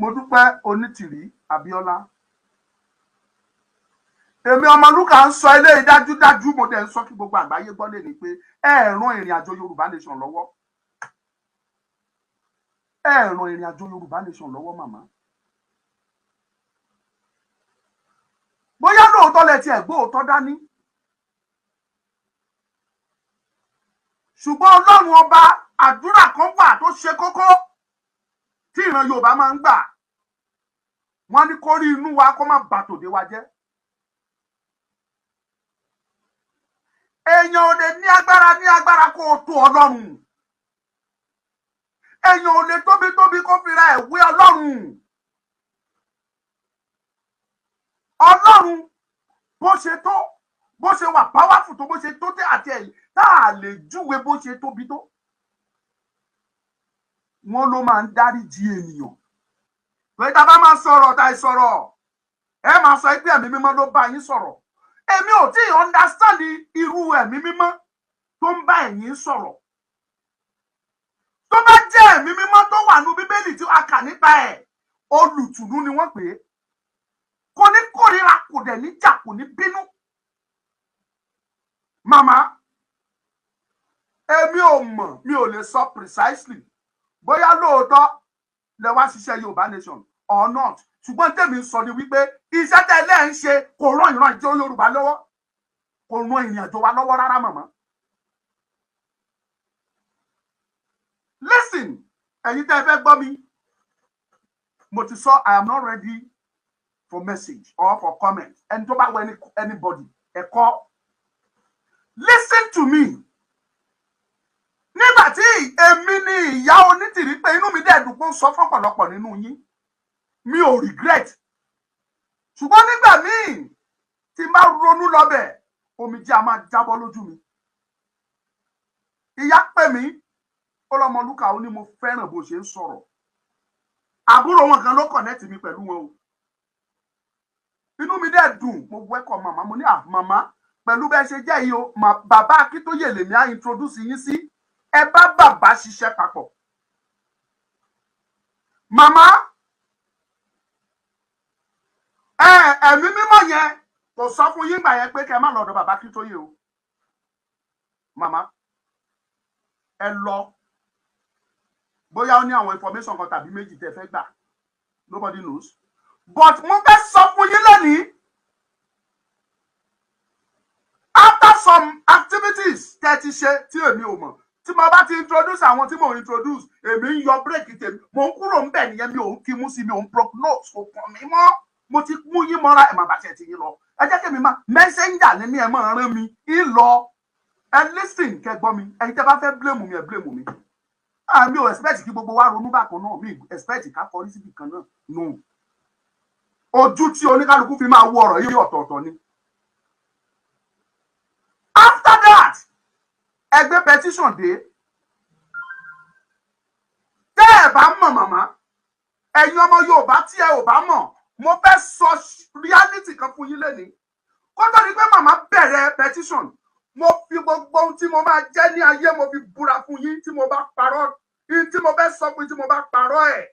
mọ́dúpẹ́ onítìrí Abiola. èmi ọmọ lúkà ń sọ eléyìí dájúdájú mo dẹ̀ ń sọ kí gbogbo àgbáyé gbọ́ lè ní pé ẹ ràn ìrìn àjò yorùbá nation lọ́wọ́ ẹ ràn ìrìn àjò yorùbá nation lọ́wọ́ màmá bóyá lóòótọ́ lẹ tiẹ̀ gbóòótọ́ dání ṣùgbọ́n ọlọ́run ọba àdúrà kan wà tó ṣe kókó tí ìran Yorùbá máa ń gbà wọ́n ní kó rí inú wa kó má bà tòde wa jẹ́. èèyàn ò lè ní agbára ní agbára kó o tó Ọlọ́run èèyàn ò lè tóbi tóbi kó fira ẹ̀ wé Ọlọ́run Ọlọ́run bó ṣe tó bó ṣe wà powerful tó bó ṣe tó tẹ àti ẹ̀yìn tá a lè júwe bó ṣe tóbi tó. Bito wọ́n ló máa ń dáríji ènìyàn lórí tá a bá máa sọ̀rọ̀ tá a sọ̀rọ̀ ẹ máa sọ pé ẹ̀mí mímọ́ ló bá yín sọ̀rọ̀ èmi ò tí ì understand irú ẹ̀mí mímọ́ tó ń bá ẹ̀yin sọ̀rọ̀ tó bá jẹ́ ẹ̀mí mímọ́ tó wà nínú bíbélì tí a kà nípa ẹ̀ olùtùnú ni wọ́n pè é kò ní kórìíra kò dẹ̀ ní jà kò ní bínú màmá èmi ò mọ̀ mi ò lè sọ precisely bóyá lóòótọ́ lẹ wá ṣiṣẹ́ yorùbá nation or not ṣùgbọ́n tèmi sọ ni wípé iṣẹ́ tẹ́ lẹ́ ń ṣe kò ràn ìran ìjọ yorùbá lọ́wọ́ kò ràn ìrìn àjò wa lọ́wọ́ rárá màmá. listen ẹ̀yin tẹ́ ẹ fẹ́ gbọ́ mi mo ti sọ i am not ready for message or for comment ẹni tó bá wọ anybody ẹ kọ listen to me tí èmi ni ìyá onítìrí pé inú mi dẹ̀ dùn pé ó sọ fún ọ̀pọ̀lọpọ̀ nínú yín mi ò regret ṣùgbọ́n nígbà míì tí n bá ronú lọ́bẹ̀ omijé a máa jábọ́ lójú mi ìyá pè mí ó lọ́mọ lúkà ó ní mo fẹ́ràn bó ṣe ń sọ̀rọ̀ àbúrò wọn kan ló kọ̀nẹ́tì mi pẹ̀lú wọn o inú mi dẹ̀ dùn mo wẹ́kọ̀ màmá mo ní à ah, màmá pẹ̀lú bẹ́ẹ̀ ṣe jẹ́ yìí o bàbá akíntóyè lèmi á introduce yín sí. Si ẹ bá bàbá ṣiṣẹ́ papọ̀ màmá ẹ̀mí mímọ́ yẹn kò sọ fún yín gbà yẹn pé kẹ́ má lọ́dọ̀ bàbá kí tó yẹ o màmá ẹ lọ bóyá ó ní àwọn information kan tàbí méjì tẹ́ fẹ́ gbà nobody knows but mo fẹ́ sọ fún yín lónìí after some activities tẹ́ ti ṣe tí èmi ò mọ̀ tí mo bá ti introduce àwọn tí mo introduce èmi ń yọ break tèmi mo ń kúrò ń bẹ̀ nìyẹn mi ò ń kimú sí mi ò ń prognose kò kàn mí mọ́ mo ti mú yín mọ́ra ẹ̀ máa bá tiẹ̀ ti yín lọ ẹ jẹ́ kí mi má messenger ni mi ẹ̀ máa rán mi ń lọ ẹ listen kẹ gbọ́ mi ẹ̀yin tẹ́ bá fẹ́ blame mi ẹ̀ blame mi àmì ah, ò expect kí gbogbo wa ronú bákan náà mi expect ká kọrí síbi kan náà no ojú tí oníkálukú fi máa wo ọ̀rọ̀ yìí ọ̀tọ̀ọ̀tọ̀ ni ẹ petition dé tẹ́ ẹ bá mọ̀ màmá ẹ̀yin ọmọ Yorùbá tí ẹ ò bá mọ̀ mo fẹ́ sọ reality kan fún yín lẹ́ni kó tó di pé màmá bẹ̀rẹ̀ petition mo fi gbogbo ohun tí mo máa jẹ́ ní ayé mo fi búra fún yín tí mo bá parọ́ yín tí mo fẹ́ sọ fún tí mo bá parọ́ ẹ̀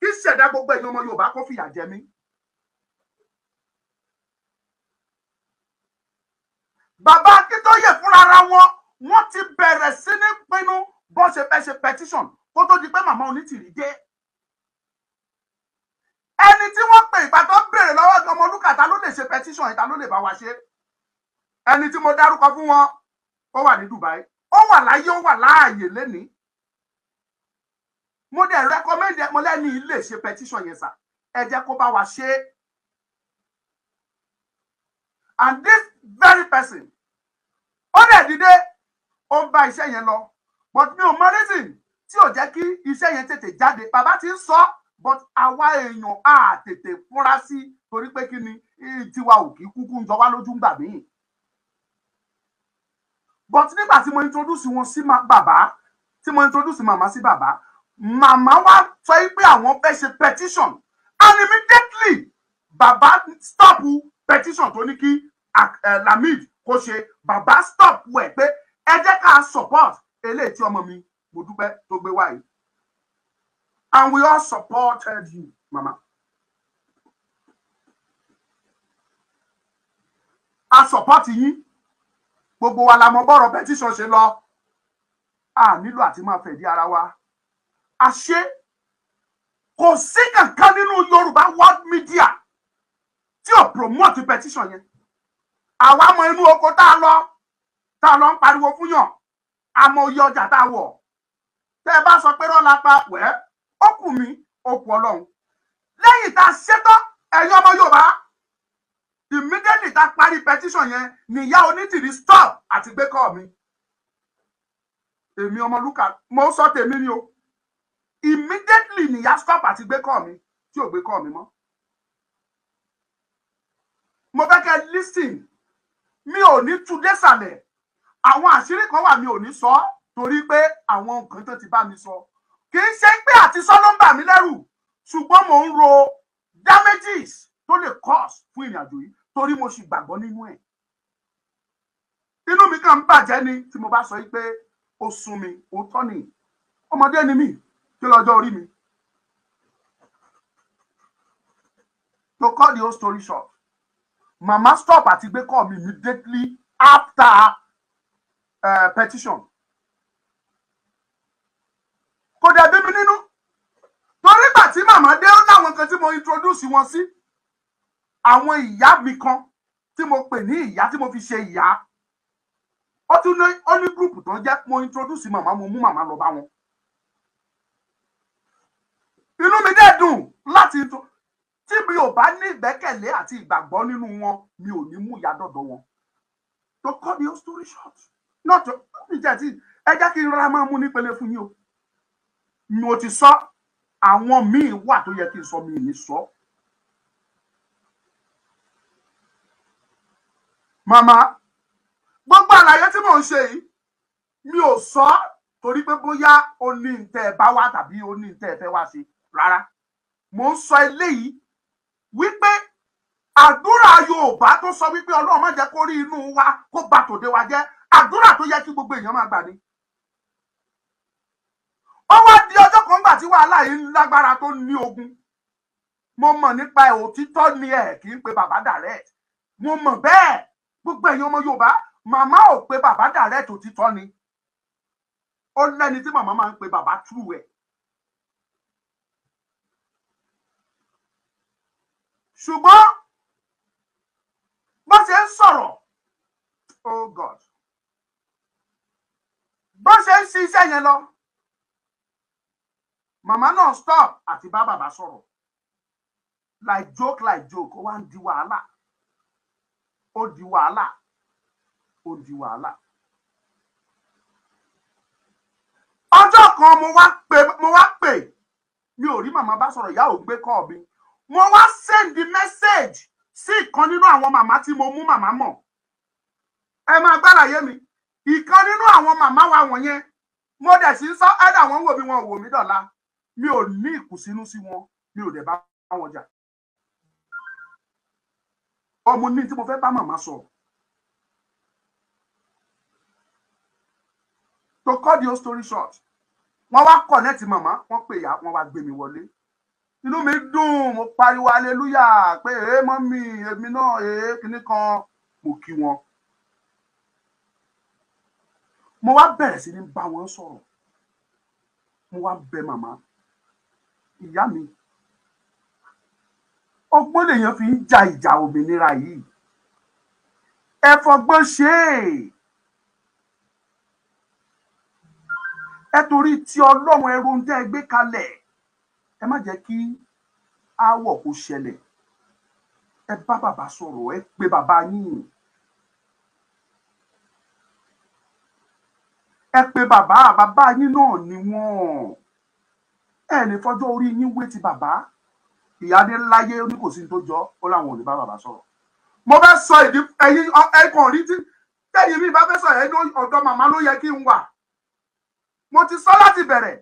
kí ṣẹ̀dá gbogbo ẹ̀yin ọmọ Yorùbá kó fìyà jẹ mí. bàbá Akíntóyè fúnra ra wọn wọ́n ti bẹ̀rẹ̀ sí ní pinnu bó ṣe fẹ́ ṣe petition kó tó di pé màmá Onítìrí dé ẹni tí wọ́n pè ìgbà tó béèrè lọ́wọ́ gan ọmọ olúkà ta ló lè ṣe petition ìta ló lè bá wa ṣe ẹni tí mo dárúkọ fún wọn ó wà ní Dubai ó wà láyé ó wà láàyè lénìí mo dẹ̀ recommend ẹ mo lẹ́ni ilé ṣe petition yẹn sà ẹ jẹ́ kó bá wa ṣe and this very person ó dẹ̀ dìde ó ń bá iṣẹ́ yẹn lọ but mi ò mọ reason tí ò jẹ́ kí iṣẹ́ yẹn tètè jáde bàbá ti ń sọ but àwa èèyàn á tètè fúnra sí torí pé kí ni tiwa ò kí kúkú ń jọ wá lójú ńgbà míì but nígbà tí mo introduce wọn sí bàbá tí mo introduce màmá sí bàbá màmá wa sọ pé àwọn fẹ́ ṣe petition and immediately bàbá stop petition tó ní kí eh, Lamid kó ṣe bàbá stop wẹ̀ pé ẹ jẹ́ ká support eléyìí tí ọmọ mi mo dúpẹ́ tó gbé wáyé and we all supported you mama. a support yín gbogbo wa la mọ bọ́rọ̀ petition ṣe lọ a nílò àti máa fẹ̀dí ara wa a ṣe kò sí kankan nínú Yorùbá world media tí ò promote petition yẹn àwa mọ inú oko tá a lọ tá a lọ ń pariwo fún yàn amòye ọjà tá a wọ̀ tẹ́ ẹ bá sọ pé rọ́ọ̀lá pa wẹ́ ó kù mí ó kù ọlọ́run lẹ́yìn tá a ṣetán ẹ̀yin ọmọ yorùbá immediately tá a parí petition yẹn nìyá onítìrí stop àti gbé kọ́ mi èmi ọmọ lúkà mo sọ tèmi ni o immediately nìyá stop àti gbé kọ́ mi tí ò gbé kọ́ mi mọ́ mo fẹ́ kẹ́ ẹ listen mi ò ní tu désàlẹ̀ àwọn àṣírí kan wà mi ò ní sọ torí pé àwọn nǹkan tó ti bá mi sọ kì í ṣe pé àti sọ ló ń bà mí lẹ́rù ṣùgbọ́n mò ń ro damages tó lè cause fún ìrìnàjò yìí torí mo sì gbàgbọ́ nínú ẹ̀ inú mi kàn ń bàjẹ́ ni tí mo bá sọ pé ó sún mi ó tọ́ ni ọmọdé ni mí kí lọ́jọ́ orí mi to cut the whole story short mama stop àti gbé call mi immediately after petition kò dàbí mi nínú torí gbà tí màmá dé ó láwọn kan tí mo introduce wọn sí àwọn ìyá mi kan tí mo pè ní ìyá tí mo fi ṣe ìyá ó tún ní ó ní gúrùpù tó jẹ́ mo introduce màmá mo mú màmá lọ bá wọn inú mi dẹ̀ dùn láti tí mi ò bá ní ìgbẹ́kẹ̀lé àti ìgbàgbọ́ nínú wọn mi ò ní mú ìyá dọ̀dọ̀ wọn to cut the whole story short not ǹjẹ́ ti ẹ jẹ́ kí n rọra máa mú nípele fún yín o mo ti sọ àwọn míì wà tó yẹ kí n sọ mi ní sọ. màmá gbogbo àlàyé tí mò ń ṣe yìí mi ò sọ torí pé bóyá o ní ntẹ́ ẹ bá wá tàbí o ní ntẹ́ ẹ fẹ́ wá sí rárá mò ń sọ eléyìí wípé àdúrà Yorùbá tó sọ wípé Ọlọ́run má jẹ́ kó rí inú wa kó bà tòde wa jẹ́ àdúrà tó yẹ kí gbogbo èèyàn máa gbà ni ó wá di ọjọ́ kan gbà tí wàhálà yìí lágbára tó ní ogun mo mọ̀ nípa ẹ̀ òtítọ́ ni ẹ̀ kì í pe bàbá direct mo mọ̀ bẹ́ẹ̀ gbogbo èèyàn ọmọ Yorùbá màmá ò pe bàbá direct òtítọ́ ni ó lẹ́ni tí màmá máa ń pe bàbá true ẹ̀. ṣùgbọ́n bó ṣe ń sọ̀rọ̀ oh God bó ṣe ń ṣiṣẹ́ yẹn lọ màmá náà stop àti bá bàbá sọ̀rọ̀ like joke like joke ó wá ń di wàhálà ó di wàhálà ó di wàhálà. ọjọ́ kan mo wá pè mo wá pè mi ò rí màmá bá sọ̀rọ̀ ìyá ò gbé kọ́ mi mo wá send the message sí ìkan nínú àwọn màmá tí mo mú màmá mọ̀ ẹ máa gbàlàyé mi ìkan nínú àwọn màmá wa wọ̀nyẹn mo dẹ̀ sí sọ ẹ́dà wọn wò mí wọn wò mí dọ̀la mi ò ní ìkùnsínú sí wọn mi ò dẹ̀ bá wọn jà ọmọ ní tí mo fẹ́ bá màmá sọ. to cut the whole story short wọ́n wá connect màmá wọ́n pè ya wọ́n wá gbé mi wọlé inú mi dùn mo pariwo hallelujah pé èé mọ́mì èmi náà èé eh, kinní kan mo kí wọn mo wá bẹ̀rẹ̀ sí ní bá wọn sọ̀rọ̀ mo wá bẹ màmá ìyá mi ọgbọ́n lèèyàn fi ń ja ìjà òmìnira yìí ẹ fọgbọ́n ṣe é ẹ torí tí ọlọ́run ẹrù ń tẹ́ ẹ gbé kalẹ̀ ẹ má jẹ́ kí aáwọ̀ kó ṣẹlẹ̀ ẹ bá bàbá sọ̀rọ̀ ẹ pé bàbá yín ẹ pé bàbá bàbá yín náà ni wọ́n ẹ lè fọjọ́ orí yín wé ti bàbá ìyáde láyé ní kò sí ní tó jọ ó láwọn ò lè bá bàbá sọ̀rọ̀ mo fẹ́ sọ ìdí ẹ̀yin ẹ̀kọ́ rí tí tẹ̀yìn mi bá fẹ́ sọ ẹ̀yin ọ̀dọ̀ màmá ló yẹ kí n wà mo ti sọ láti bẹ̀rẹ̀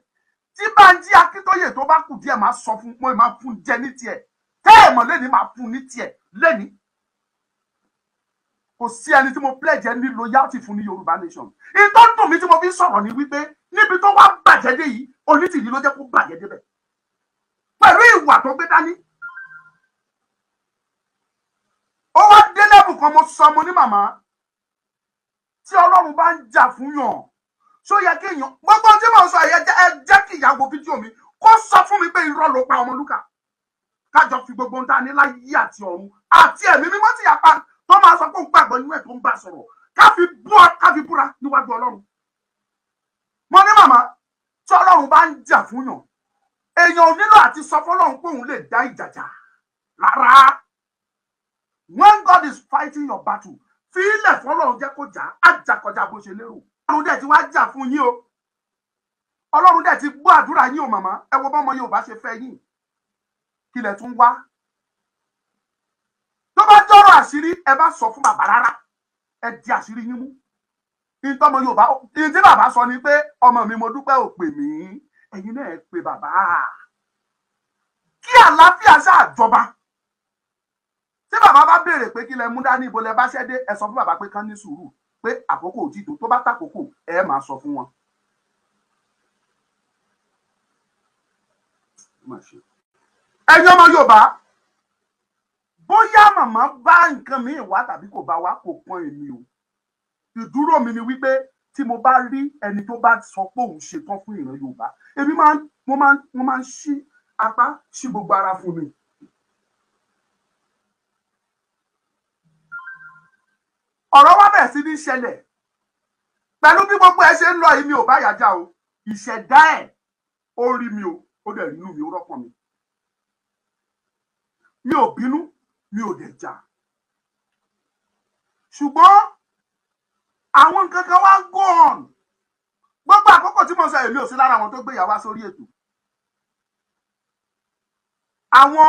tí Bánjí Akíntóyè tó bá kù díẹ̀ máa sọ fún pé máa fún jẹ ní tiẹ̀ tẹ́ ẹ̀ mọ̀ lẹ́ni máa fún ní tiẹ̀ lẹ́ni kò sí ẹni tí mo pledge ẹni loyalty fún ní yorùbá nation ìtọ́ dùn mí tí mo fi sọ̀rọ̀ ni wípé níbi tó wá bàjẹ́ dé yìí onítìrí ló jẹ́ kó bàjẹ́ débẹ̀ pẹ̀lú ìwà tó gbé dání ó wá dé lẹ́bù kan mo sọ mo ní màmá tí ọlọ́run bá ń jà fún yàn ṣó yẹ kí èèyàn gbogbo tí mo sọ ẹ jẹ́ kí ìyàwó fídíò mi kó sọ fún mi pé irọ́ ló pa Ọmọlúkà kájọ fi gbogbo ń dání láyé àti ọ̀run àti ẹ̀mí mímọ́ tìyà pa tó máa sọ pé ó gbàgbọ́ inú ẹ̀ tó ń bá sọ̀rọ̀ ká fi búra níwájú ọlọ́run mo ní màmá tí ọlọ́run bá ń jà fún yàn èèyàn ò nílò àti sọ fọlọ́run pé òun lè dá ìjàjà rárá when God is fighting your battle fi ilẹ̀ fọlọ́run jẹ́ kó jà á jà kọjá bó ṣe lérò ọlọ́run dẹ̀ ti wá jà fún yín o ọlọ́run dẹ̀ ti gbọ́ àdúrà yín o màmá ẹ wo bọ́mọ Yorùbá ṣe fẹ́ yín kílẹ̀ tún wá àṣírí ẹ bá sọ fún bàbá rárá ẹ di àṣírí yín mú ìtọ́mọ yorùbá ìdí bàbá sọ ni pé ọmọ mi mo dúpẹ́ ò pè mí ẹ̀yin náà ẹ pè bàbá kí àlàáfíà ṣàjọba tí bàbá bá béèrè pé kí lẹ mú dání ibo lẹ bá ṣẹ́ dé ẹ sọ fún bàbá pé kán ní sùúrù pé àkókò ò tí tó tó bá tàkókò ẹ máa sọ fún wọn. ẹ̀yin ọmọ yorùbá bóyá màmá bá nǹkan mi wá tàbí kò bá wá kò kan èmi o ìdúró mi ni wípé tí mo bá rí ẹni tó bá sọ pé òun ṣetán fún ìran yorùbá èmi máa mo máa mo máa ń ṣí apá ṣí gbogbo ara fún mi. ọ̀rọ̀ wá bẹ̀rẹ̀ sí ní ṣẹlẹ̀ pẹ̀lú bí gbogbo ẹ ṣe ń lọ yìí mi ò bá yàjà o ìṣẹ̀dá ẹ̀ ó rí mi o ó dẹ̀ rí inú mi ó rọ́pọ̀ mi mi ò bínú mi ò dẹ̀ jà ṣùgbọ́n àwọn nǹkan kan wá go on gbogbo àkókò tí mo sọ èmi ò sí lára àwọn tó gbé ìyàwó sórí ètò àwọn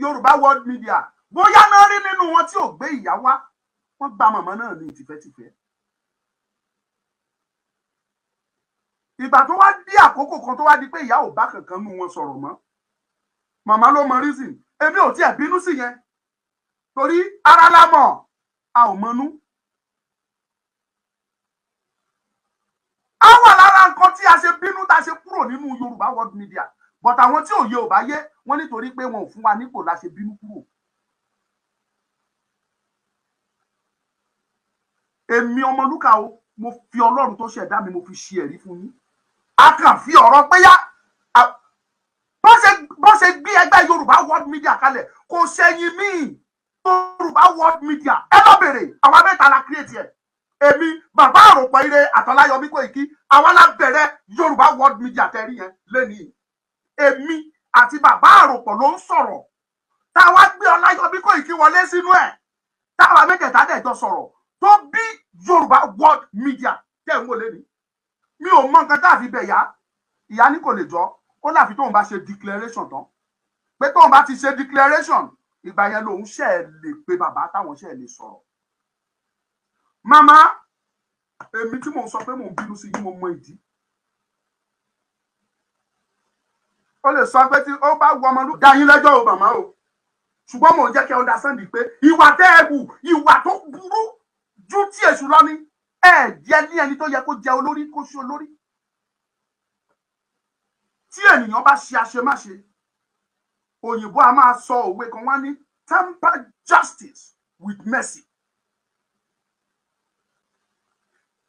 Yorùbá world media bóyá náà rí nínú wọn tí ò gbé ìyàwó wọn gba màmá náà ní tìfẹ́tìfẹ́ ìgbà tó wá di àkókò kan tó wá di pé ìyá ò bá kankan nù wọn sọ̀rọ̀ mọ́ màmá ló mọ reason èmi ò tiẹ̀ bínú sí yẹn torí ara la mọ̀ a ò mọnú. a wà lára nǹkan tí a ṣe bínú tá a ṣe kúrò nínú Yorùbá world media but àwọn tí òye ò bá yé wọn nítorí pé wọn ò fún wa nípò la ṣe bínú kúrò. èmi Ọmọlúkà o mo fi Ọlọ́run tó ṣẹ̀dá mi mo fi ṣe ẹ̀rí fún yín a kàn fi ọ̀rọ̀ pé yá bó ṣe gbé ẹgbẹ́ Yorùbá world media kalẹ̀ kò ṣẹ̀yìn míì yorùbá world media ẹ lọ bèrè àwa mẹ́ta la create ẹ̀ èmi bàbá àròpọ̀ ire àtọ́láyọmí Koiki àwa la bẹ̀rẹ̀ yorùbá world media tẹ̀rí yẹn lẹ́nìí èmi àti bàbá àròpọ̀ ló ń sọ̀rọ̀ táwa gbé ọláyọmí Koiki wọlé sínú ẹ̀ táwa mẹ́tẹ̀ẹ̀ta dẹ̀ jọ sọ̀rọ̀ tó bí yorùbá world media tẹ̀ ń wọlé ni mi ò mọ nǹkan tá a fi bẹ̀ yá ìyá ní kò lè jọ ó láfi tóun bá ṣe declaration tán pé tóun bá ti ṣe declaration ìgbà yẹn lòun ṣe é lè pe bàbá táwọn ṣe é lè sọ̀rọ̀ màmá èmi tí mò ń sọ pé mò ń bínú sí yín mo mọ ìdí ó lè sọ pé tí ó bá wọ ọmọ ló dá yín o màmá o ṣùgbọ́n mò ń jẹ́ kí ẹ understand pé ìwà tẹ́ ẹ wù ìwà tó burú ju tí èṣù lọ ni ẹ jẹ ní ẹni tó yẹ kó jẹ olórí kó ṣe olórí tí ènìyàn bá ṣe àṣemáṣe òyìnbó a máa sọ òwe kan wá ní temper justice with mercy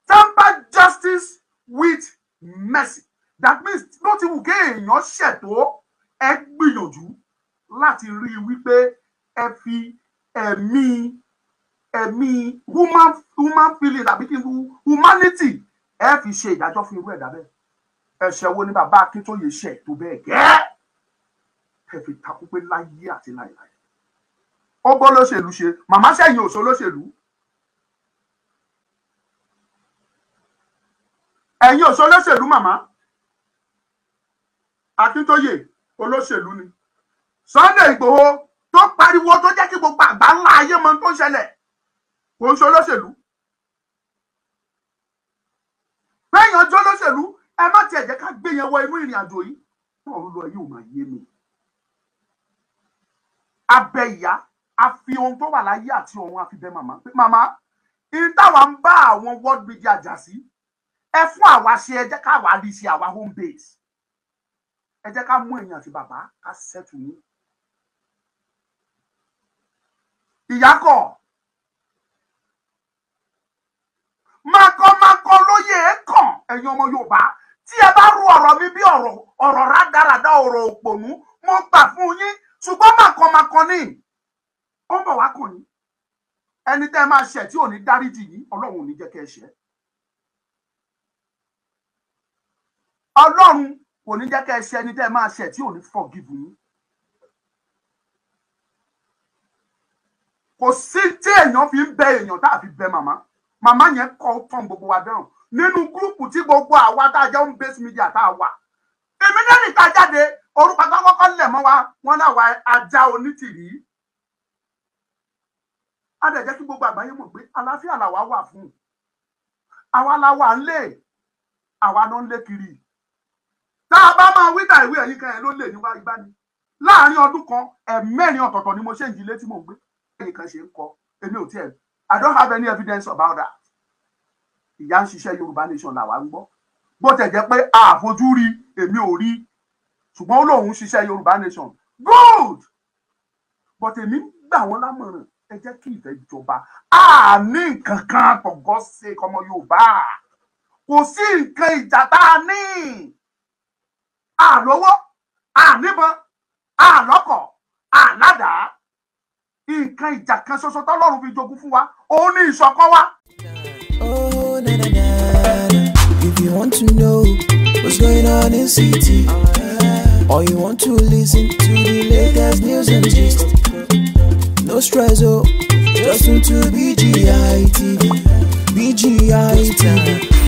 temper justice with mercy that means ló ti wù ké èèyàn ṣètò ẹ gbìyànjú láti rí i wípé ẹ fi ẹ̀mí ẹ̀mí human human feeling àbí kí n bu humanity ẹ fi ṣe ìdájọ́ fún irú ẹ̀dá bẹ́ẹ̀ ẹ̀ṣẹ̀ wo ni bàbá Akíntóyè ṣẹ̀ tó bẹ́ẹ̀ gẹ́ẹ́ kẹfì takú pé láyé àti láìláì ó bọ́ lóṣèlú ṣe màmá sẹ́yìn òṣò lóṣèlú ẹ̀yin òṣò lóṣèlú màmá Akíntóyè olóṣèlú ni Sunday Ìgbòho tó pariwo tó jẹ́ kí gbogbo àgbà ńlá ayé mọ tó ń ṣẹlẹ̀ kò ń ṣe olóṣèlú péyànjọ́ lóṣèlú ẹ má tiẹ̀ jẹ́ ká gbé yẹn wọ inú ìrìn àjò yìí ọ̀rọ̀ yìí ò máa yé mi abẹ ìyá a fi ohun tó wà láyé àti ọ̀run a fi bẹ màmá pé màmá ihun táwa ń bá àwọn world media jà sí ẹ fún àwa ṣe ẹ jẹ́ káwa rí ṣe àwa home base ẹ jẹ́ ká mú èèyàn àti bàbá ká ṣẹ́tù ní. ìyákọ̀ makọ́makọ́ lóye é kàn ẹ̀yin ọmọ Yorùbá tí ẹ bá rú ọ̀rọ̀ mi bí ọ̀rọ̀ ọ̀rọ̀ rádaràda ọ̀rọ̀ òpònú mo gbà fún yín ṣùgbọ́n màkànmákan ní ó ń bọ̀ wá kò ní ẹni tẹ́ ẹ máa ṣẹ̀ tí ò ní dáríjì yìí ọlọ́run ò ní jẹ́ kẹ́ ẹ ṣẹ̀ ọlọ́run kò ní jẹ́ kẹ́ ẹ ṣẹ̀ ẹni tẹ́ máa ṣẹ̀ tí ò ní forgive yín kò sí tí èèyàn fi ń bẹ èèyàn tá a fi bẹ màmá màmá yẹn kọ fún gbogbo wa dẹrùn nínú gúrùpù tí gbogbo àwa tá a jẹ́ home based media tá a wà èmi náà nìta jáde orúkọ tó kọ́kọ́ lẹ̀ mọ́ wa wọn náà ajá onítìrí á dẹ̀ jẹ́ kí gbogbo àgbáyé mọ̀ pé àlàáfíà làwa wà fún àwa làwa ń lè àwa náà ń lé kiri tá a bá máa wí dàìwé ẹ̀yìn kan ẹ̀ ló lè níwá igbá ni ọdún kan ẹ̀mẹ́rin ọ̀tọ̀ọ̀tọ̀ ni mo ṣe ìdílé tí mo gbé ẹ̀yìn kan ṣe ń kọ èmi ò tiẹ̀ I don't have any evidence about that ìyá ń ṣiṣẹ́ Yorùbá nation làwa ń gbọ́ bó tẹ̀ jẹ́ pé àfojú èmi ò rí ṣùgbọ́n ó lóun ṣiṣẹ́ yorùbá nation good but èmi ń gbà wọ́n lámọ̀ràn ẹ jẹ́ kí ìfẹ́ jọba àní nǹkan kan tọ̀gọ́ ṣe ọmọ yorùbá kò sí nǹkan ìjà tá a ní àlówó àníbọn àlọ́kọ̀ àládàá nǹkan ìjà kan ṣoṣo tọ́lọ́run fi jogún fún wa òun ni ìṣọ̀kan wa. Oh, If you want to know what's going on in city. Or you want to listen to the latest news and gist No stress, oh, just tune to BGI TV BGI TV